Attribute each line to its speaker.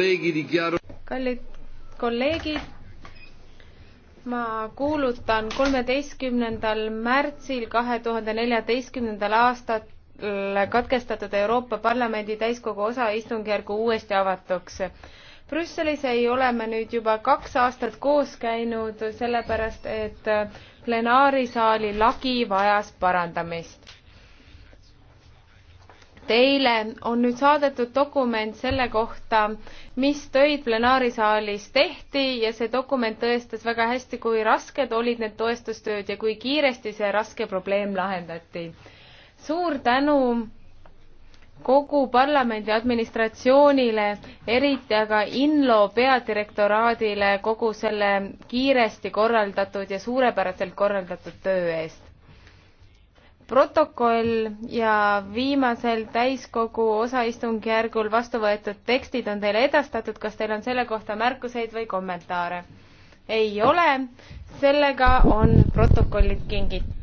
Speaker 1: Er- kallid kolleegid, ma kuulutan kolmeteistkümnendal märtsil kahe tuhande neljateistkümnendal aastal äh, katkestatud Euroopa Parlamendi täiskogu osaistungjärgu uuesti avatuks. Brüsselis ei ole me nüüd juba kaks aastat koos käinud, sellepärast et äh, plenaarisaali lagi vajas parandamist Teile on nüüd saadetud dokument selle kohta, mis töid plenaarisaalis tehti ja see dokument tõestas väga hästi, kui rasked olid need toestustööd ja kui kiiresti see raske probleem lahendati. suur tänu kogu parlamendi administratsioonile, eriti aga INLO peadirektoraadile kogu selle kiiresti korraldatud ja suurepäraselt korraldatud töö eest protokoll ja viimasel täiskogu osaistungjärgul vastu võetud tekstid on teile edastatud, kas teil on selle kohta märkuseid või kommentaare? ei ole, sellega on protokollid kingitud.